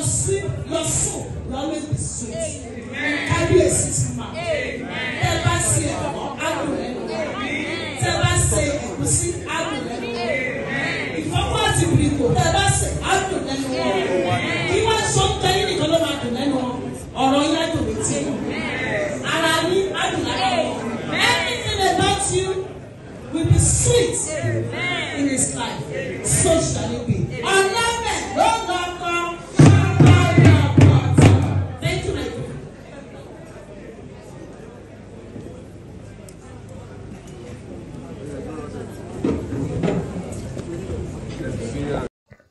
your sin, your soul will always be sweet. Kábíyèsí ti mà. Tẹ́ bá ṣe ẹ̀fọ́, àdùn lẹ́nu. Tẹ́ bá ṣe ẹ̀gúsí, àdùn lẹ́nu. Ìfọ́pọ́ àti bìrìkò, tẹ́ bá ṣe àdùn lẹ́nu wọn. Kí wọ́n sọ ń tẹ́yìn nìkan ló máa dùn lẹ́nu wọn. Ọ̀rọ̀ yín àdùn lè tí. Ara ní àdùn lára wọn. Everything about you will be sweet in his life. So shall it be.